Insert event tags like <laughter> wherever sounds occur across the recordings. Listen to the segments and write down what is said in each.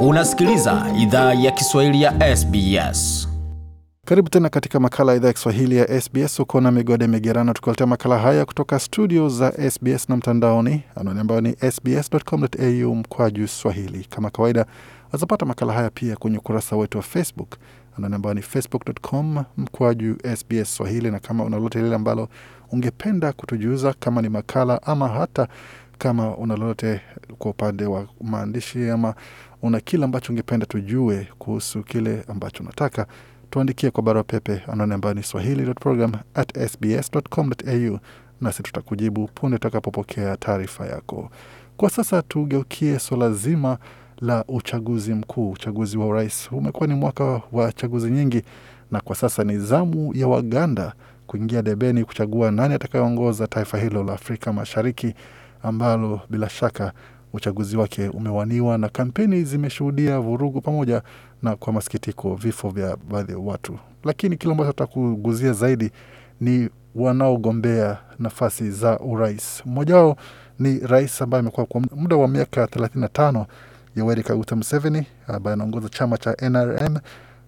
Unasikiliza idhaa ya Kiswahili ya SBS. Karibu tena katika makala ya idhaa ya Kiswahili ya SBS. Uko na Migode Migerano tukiwaletea makala haya kutoka studio za SBS na mtandaoni, anwani ambayo ni sbs.com.au mkwaju swahili. Kama kawaida, wazapata makala haya pia kwenye ukurasa wetu wa Facebook, anwani ambayo ni facebook.com mkwaju SBS swahili. Na kama una lolote lile ambalo ungependa kutujuza, kama ni makala ama hata kama una lolote kwa upande wa maandishi ama una kile ambacho ungependa tujue kuhusu kile ambacho unataka, tuandikie kwa barua pepe anaone ambayo ni swahili.program@sbs.com.au, nasi tutakujibu punde tutakapopokea taarifa yako. Kwa sasa tugeukie swala zima la uchaguzi mkuu. Uchaguzi wa urais umekuwa ni mwaka wa chaguzi nyingi, na kwa sasa ni zamu ya Waganda kuingia debeni kuchagua nani atakayeongoza taifa hilo la Afrika Mashariki ambalo bila shaka uchaguzi wake umewaniwa na kampeni zimeshuhudia vurugu pamoja na kwa masikitiko vifo vya baadhi ya watu, lakini kile ambacho tutakuguzia zaidi ni wanaogombea nafasi za urais. Mmoja wao ni rais ambaye amekuwa kwa muda wa miaka 35 Yoweri Kaguta Museveni ambaye anaongoza chama cha NRM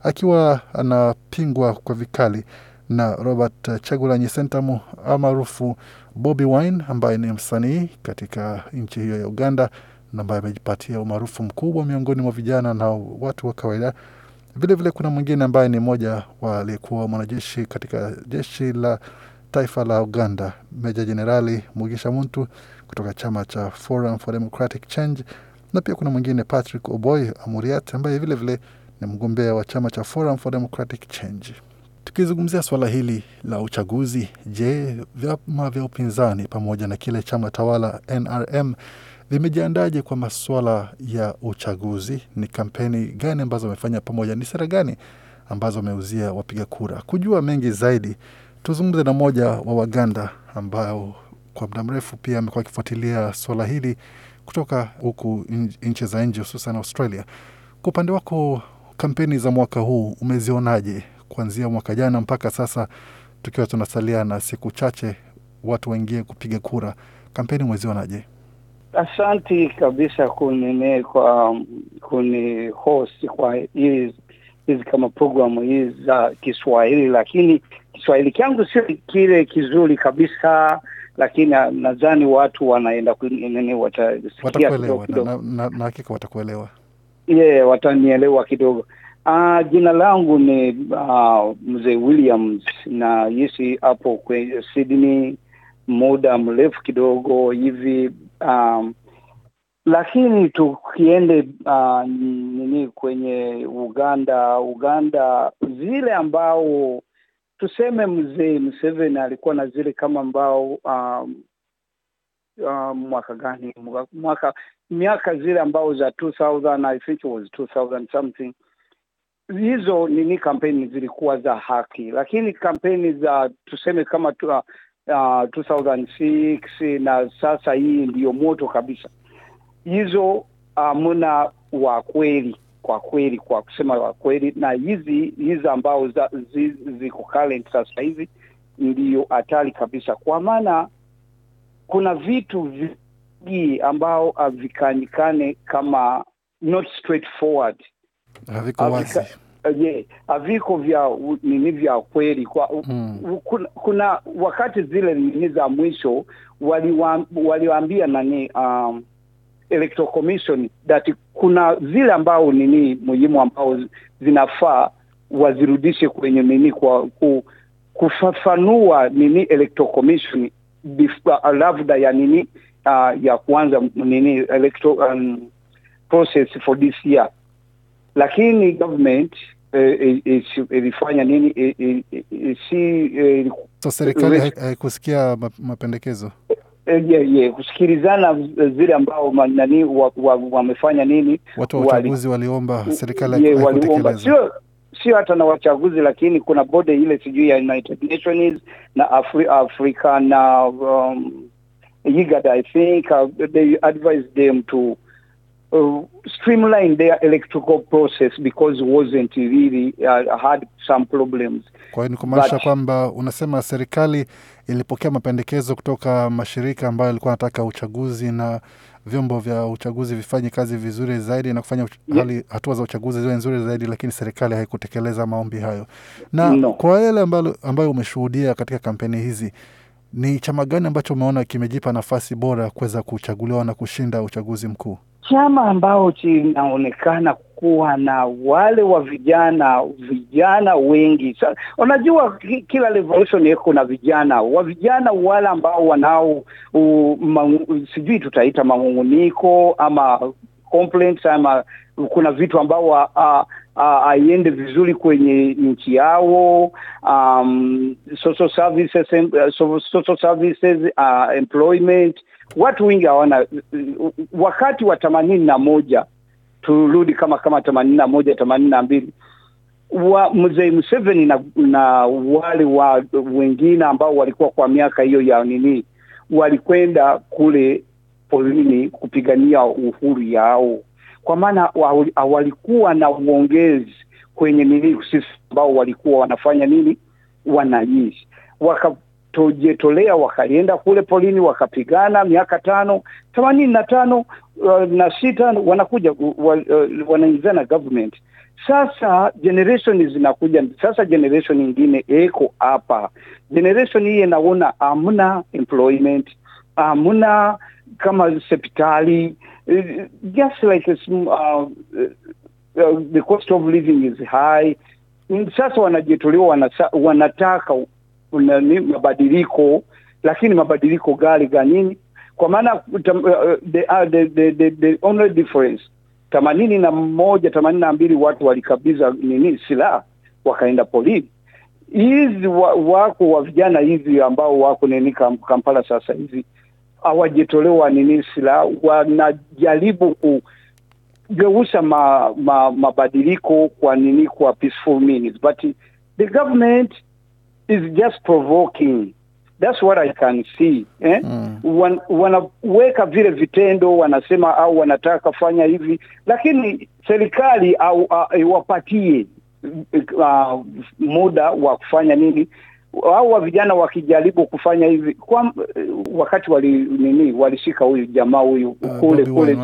akiwa anapingwa kwa vikali na Robert Chagulanyi Sentamu maarufu Bobi Wine ambaye ni msanii katika nchi hiyo ya Uganda na ambaye amejipatia umaarufu mkubwa miongoni mwa vijana na watu wa kawaida. Vilevile vile kuna mwingine ambaye ni mmoja wa aliyekuwa mwanajeshi katika jeshi la taifa la Uganda, Meja Jenerali Mugisha Muntu kutoka chama cha Forum for Democratic Change, na pia kuna mwingine Patrick Oboy Amuriat ambaye vilevile vile ni mgombea wa chama cha Forum for Democratic Change. Tukizungumzia suala hili la uchaguzi, je, vyama vya upinzani pamoja na kile chama tawala NRM vimejiandaje kwa masuala ya uchaguzi? Ni kampeni gani ambazo wamefanya pamoja, ni sera gani ambazo wameuzia wapiga kura? Kujua mengi zaidi, tuzungumze na mmoja wa Waganda ambao kwa muda mrefu pia amekuwa akifuatilia suala hili kutoka huku nchi za nje, hususan Australia. Kwa upande wako, kampeni za mwaka huu umezionaje? kuanzia mwaka jana mpaka sasa, tukiwa tunasalia na siku chache watu waingie kupiga kura, kampeni mwezionaje? Asanti kabisa kunini kwa kuni host kwa hizi hizi kama programu hizi za Kiswahili, lakini Kiswahili kyangu sio kile kizuri kabisa, lakini nadhani watu wanaenda nini, watasikia kidogo kidogo, na hakika watakuelewa. Yeah, watanielewa kidogo Uh, jina langu ni uh, mzee Williams na yesi hapo kwenye Sydney muda mrefu kidogo hivi um, lakini tukiende uh, nini kwenye Uganda, Uganda zile ambao tuseme mzee Museveni alikuwa na zile kama ambao um, uh, mwaka gani mwaka miaka zile ambao za 2000 I think it was 2000 something hizo nini kampeni zilikuwa za haki, lakini kampeni za tuseme kama tu, uh, 2006 na sasa hii ndiyo moto kabisa hizo, hamuna uh, wa kweli kwa kweli, kwa kusema wa kweli, na hizi hizi ambao ziko current sasa hizi ndiyo hatari kabisa, kwa maana kuna vitu vingi ambao havikanyikane kama not straightforward haviko, wazi eh, Ye, haviko vya nini vya kweli kwa mm. kuna, kuna wakati zile nini za mwisho waliwaambia wali nani um, electoral commission that kuna zile ambao nini muhimu ambao zinafaa wazirudishe kwenye nini kwa ku, kufafanua nini electoral commission uh, labda ya nini uh, ya kuanza nini electoral um, process for this year lakini government eh, eh, eh, ilifanya nini? Si so serikali haikusikia mapendekezo ye ye kusikilizana zile ambao nani wamefanya wa, wa nini, watu wa uchaguzi waliomba serikali waliomba, sio sio hata na wachaguzi, lakini kuna bodi ile sijui ya United Nations na Afri, Afrika na um, IGAD I think uh, they advised them to uh, streamline their electrical process because wasn't really uh, had some problems. Kwa hiyo ni kumaanisha kwamba unasema serikali ilipokea mapendekezo kutoka mashirika ambayo yalikuwa anataka uchaguzi na vyombo vya uchaguzi vifanye kazi vizuri zaidi na kufanya hali, yeah. hatua za uchaguzi ziwe nzuri zaidi, lakini serikali haikutekeleza maombi hayo. Na no. kwa yale ambayo, ambayo umeshuhudia katika kampeni hizi ni chama gani ambacho umeona kimejipa nafasi bora ya kuweza kuchaguliwa na kushinda uchaguzi mkuu? chama ambao kinaonekana kuwa na wale wa vijana vijana wengi so, unajua kila revolution iko na vijana wa vijana wale ambao wanao sijui tutaita mangunguniko ama complaints ama kuna vitu ambao wa, uh, aiende vizuri kwenye nchi yao. Um, social services, uh, social services uh, employment. Watu wengi hawana uh, wakati wa themanini na moja turudi kama kama themanini na moja themanini na mbili wa mzee mseveni na, na wale wa wengine ambao walikuwa kwa miaka hiyo ya nini walikwenda kule polini kupigania uhuru yao kwa maana walikuwa na uongezi kwenye nini sisi ambao walikuwa wanafanya nini wanajeshi wakatojetolea wakaenda kule polini wakapigana miaka tano themanini na tano uh, na sita wanakuja uh, uh na government sasa generation zinakuja sasa generation ingine eko hapa generation hiye naona amna employment amna kama sepitali just uh, like a small, mm, uh, uh, uh, the cost of living is high. Mm, sasa wanajitolewa wanataka mabadiliko, lakini mabadiliko gari ganini? Kwa maana uh, the only difference themanini na moja themanini na mbili watu walikabiza nini silaha wakaenda polini hizi wa, wako wa vijana hivi ambao wako nini Kampala sasa hivi hawajatolewa nini la wanajaribu kugeuza ma, ma, mabadiliko kwa nini kwa peaceful means but the government is just provoking that's what I can see eh? mm. Wan, wanaweka vile vitendo wanasema au wanataka fanya hivi lakini serikali au iwapatie uh, muda wa kufanya nini au wa vijana wakijaribu kufanya hivi kwa eh, wakati wali nini walishika huyu jamaa huyu ah, kule kule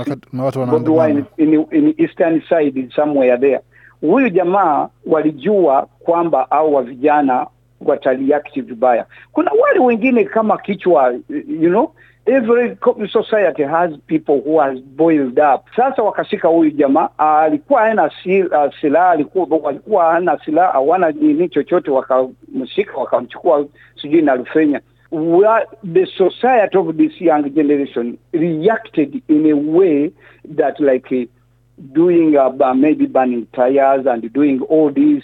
eastern side somewhere there. Huyu jamaa walijua kwamba au wa vijana watareact vibaya. Kuna wale wengine kama kichwa eh, you know every society has people who has boiled up. Sasa wakashika huyu jamaa alikuwa hana ah, silaha, alikuwa alikuwa hana silaha, hawana nini chochote, wakamshika wakamchukua sijui na rufenya. The society of this young generation reacted in a way that like eh, doing uh, maybe burning tires and doing all these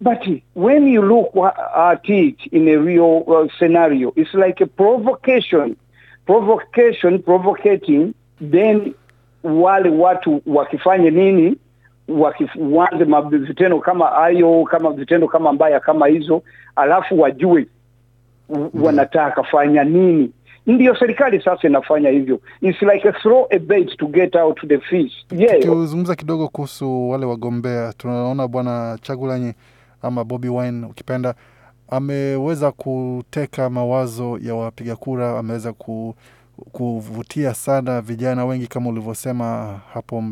But eh, when you look uh, at it in a real uh, scenario, it's like a provocation provocation provocating then wale watu wakifanye nini wakianze vitendo kama hayo kama vitendo kama mbaya kama hizo alafu wajue mm-hmm. wanataka fanya nini ndiyo serikali sasa inafanya hivyo It's like a throw a bait to get out the fish yeah. Tukizungumza kidogo kuhusu wale wagombea tunaona bwana Chagulanyi ama Bobby Wine ukipenda ameweza kuteka mawazo ya wapiga kura, ameweza ku, kuvutia sana vijana wengi kama ulivyosema hapo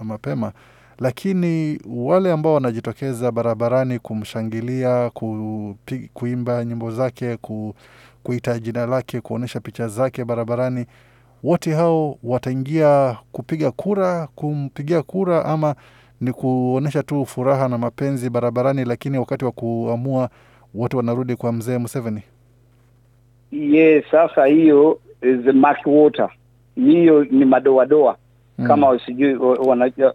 mapema, lakini wale ambao wanajitokeza barabarani kumshangilia, kuimba nyimbo zake, kuita jina lake, kuonyesha picha zake barabarani, wote hao wataingia kupiga kura, kumpigia kura ama ni kuonyesha tu furaha na mapenzi barabarani, lakini wakati wa kuamua wote wanarudi kwa mzee Museveni? Yes, sasa hiyo is water, hiyo ni madoadoa mm. kama sijui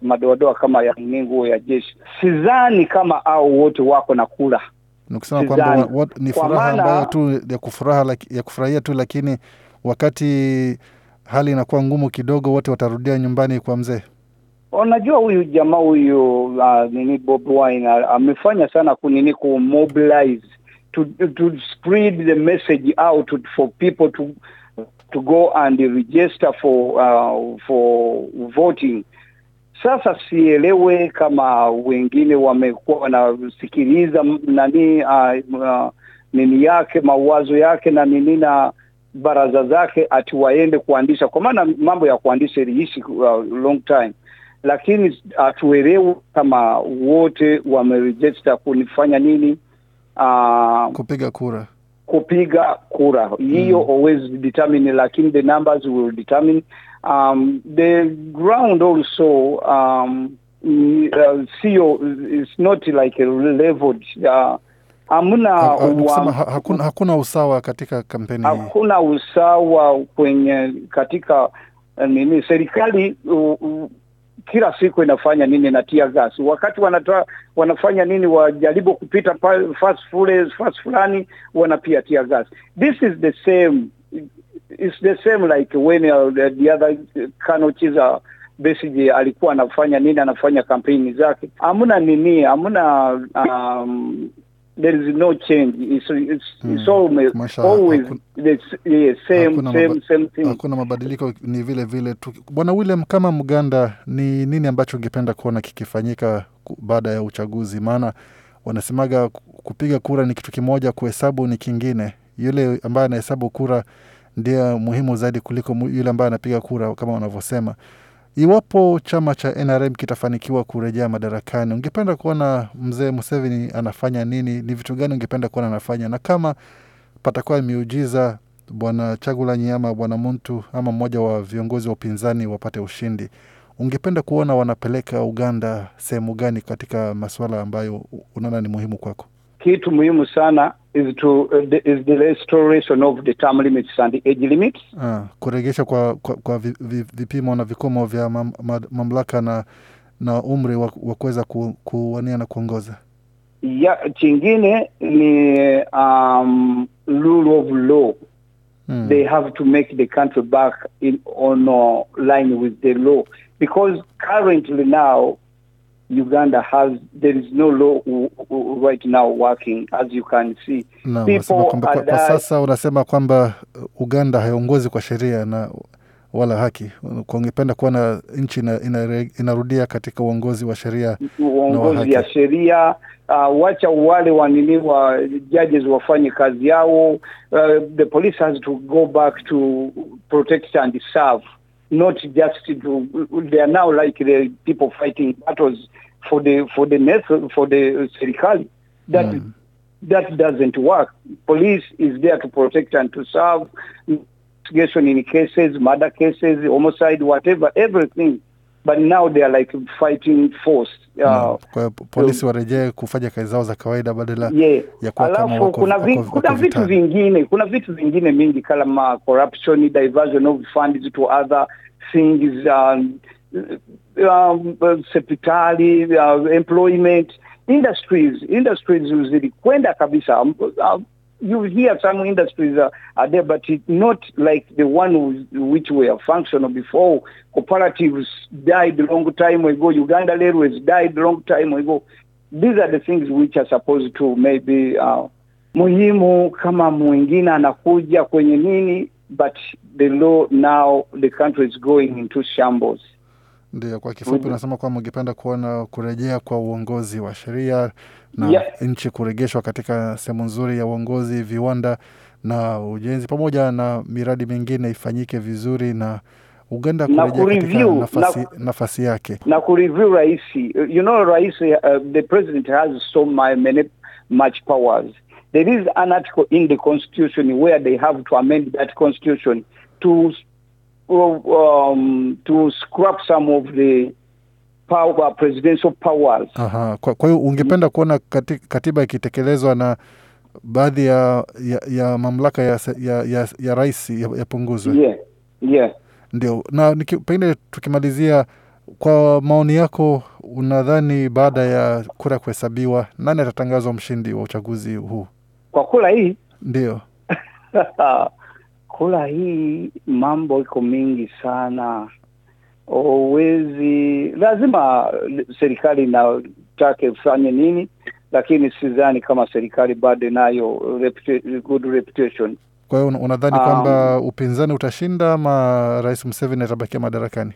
madoadoa kama ya nguo ya jeshi. Sidhani kama au wote wako na kula nikusema kwamba ni furaha ambayo tu ya kufuraha ya kufurahia tu, lakini wakati hali inakuwa ngumu kidogo, wote watarudia nyumbani kwa mzee unajua huyu jamaa huyu uh, nini Bob Wine ah, amefanya sana kunini ku mobilize to, to spread the message out for people to to go and register for uh, for voting. Sasa sielewe kama wengine wamekuwa wanasikiliza nani uh, uh, nini yake mawazo yake na nini na baraza zake ati waende kuandisha, kwa maana mambo ya kuandisha iliishi uh, long time lakini hatuelewi kama wote wamerejista kunifanya nini, uh, kupiga kura kupiga kura hiyo mm. always determine lakini the numbers will determine um, the ground also um, uh, sio is not like leveled uh, amna ha, ha, hakuna, hakuna usawa katika kampeni hakuna usawa kwenye katika uh, nini serikali uh, uh, kila siku inafanya nini na tia gasi wakati wanata, wanafanya nini, wajaribu kupita fast fast fulani wanapia tia gasi This is the same it's the same like when uh, the other Colonel Chiza alikuwa anafanya nini, anafanya kampeni zake, hamna nini, hamna um, there is no change it's, it's, mm. it's hmm. always, Masha, always the yeah, same, hakuna, same, maba, same thing. hakuna mabadiliko ni vile vile tu. Bwana William, kama Mganda, ni nini ambacho ungependa kuona kikifanyika baada ya uchaguzi? Maana wanasemaga kupiga kura ni kitu kimoja, kuhesabu ni kingine. Yule ambaye anahesabu kura ndiye muhimu zaidi kuliko yule ambaye anapiga kura kama wanavyosema. Iwapo chama cha NRM kitafanikiwa kurejea madarakani, ungependa kuona mzee Museveni anafanya nini? Ni vitu gani ungependa kuona anafanya? Na kama patakuwa miujiza, bwana Chagulanyi ama bwana Muntu ama mmoja wa viongozi wa upinzani wapate ushindi, ungependa kuona wanapeleka Uganda sehemu gani katika masuala ambayo unaona ni muhimu kwako? kitu muhimu sana is to uh, is the restoration of the term limits and the age limits. Ah, kuregesha kwa, kwa, kwa vipimo na vikomo vya mam, mamlaka na na umri wa, kuweza ku, kuwania na kuongoza. Ya, chingine ni um, rule of law mm. They have to make the country back in on line with the law because currently now Uganda has there is no law right now working as you can see. Na, people kwamba, kwa, kwa sasa unasema kwamba Uganda haiongozi kwa sheria na wala haki. Ungependa kuona nchi inarudia ina katika uongozi wa sheria, uongozi ya sheria. Uh, wacha wale wanini wa judges wafanye kazi yao. Uh, the police has to go back to protect and serve not just to, they are now like the people fighting battles for the for the nation, for the serikali. That mm. that doesn't work. Police is there to protect and to serve investigation in cases, murder cases, homicide, whatever, everything. but now they are like fighting force uh, mm. no, polisi so, warejee kufanya kazi zao za kawaida badala yeah. ya kuwa alafu kama wako, kuna, vi, wako, kuna wako vitu vingine kuna vitu vingine mingi kama corruption diversion of funds to other things um, um, sepitali uh, employment industries industries zilikwenda kabisa um, um, you hear some industries are, uh, are there, but it's not like the one which were functional before. Cooperatives died long time ago. Uganda Railways died long time ago. These are the things which are supposed to maybe uh, muhimu kama mwingine anakuja kwenye nini, but the law now the country is going into shambles. Ndio, kwa kifupi unasema mm-hmm. kwamba ungependa kuona kurejea kwa uongozi wa sheria na yeah, nchi kuregeshwa katika sehemu nzuri ya uongozi, viwanda na ujenzi pamoja na miradi mingine ifanyike vizuri na Uganda kurejea na katika nafasi, na, nafasi yake na kureview rais. You know, rais, uh, the president has so many much powers. There is an article in the constitution where they have to amend that constitution to um, to scrap some of the power, presidential powers. Aha. Kwa, kwa hiyo ungependa kuona katiba ikitekelezwa na baadhi ya, ya, ya mamlaka ya, ya, ya, ya rais yapunguzwe ya yeah. Yeah. Ndio, na pengine tukimalizia, kwa maoni yako, unadhani baada ya kura kuhesabiwa, nani atatangazwa mshindi wa uchaguzi huu kwa kura hii? Ndio <laughs> Kula hii mambo iko mingi sana, uwezi lazima serikali inataka ufanye nini, lakini sidhani kama serikali bado inayo good reputation. Kwa hiyo unadhani um, kwamba upinzani utashinda ama Rais mseveni atabakia madarakani?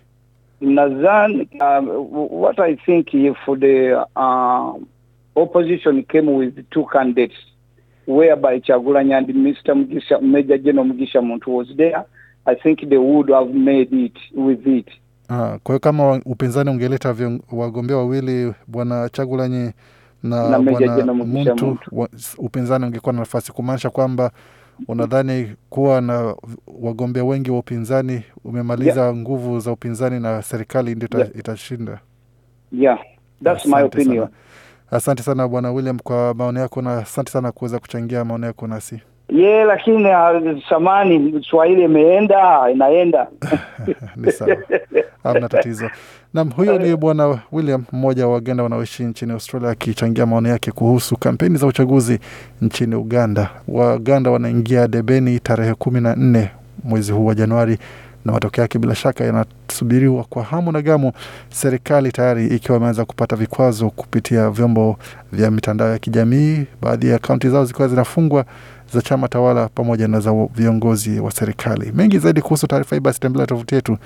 Nadhani uh, what I think if the uh, opposition came with two candidates whereby Chagulanyi and Mr. Mugisha, Major General Mugisha Muntu was there, I think they would have made it with it. Ah, kwa hiyo kama upinzani ungeleta wagombea wawili bwana Chagulanyi na, na bwana Muntu, upinzani ungekuwa na nafasi, kumaanisha kwamba unadhani kuwa na wagombea wengi wa upinzani umemaliza yeah, nguvu za upinzani na serikali ndio yeah, itashinda? Yeah, that's Asante my opinion sana. Asante sana Bwana William kwa maoni yako na asante sana kuweza kuchangia maoni yako nasi. Ye, lakini ah, samani Swahili imeenda inaenda <laughs> ni sawa, hamna tatizo. nam huyo ni Bwana William, mmoja wa Waganda wanaoishi nchini Australia, akichangia maoni yake kuhusu kampeni za uchaguzi nchini Uganda. Waganda wanaingia debeni tarehe kumi na nne mwezi huu wa Januari na matokeo yake bila shaka yanasubiriwa kwa hamu na gamu, serikali tayari ikiwa imeanza kupata vikwazo kupitia vyombo vya mitandao ya kijamii, baadhi ya akaunti zao zikiwa zinafungwa za chama tawala pamoja na za viongozi wa serikali. Mengi zaidi kuhusu taarifa hii, basi tembelea tovuti yetu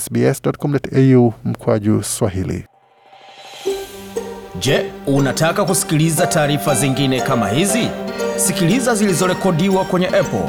sbs.com.au mkwaju Swahili. Je, unataka kusikiliza taarifa zingine kama hizi? Sikiliza zilizorekodiwa kwenye Apple,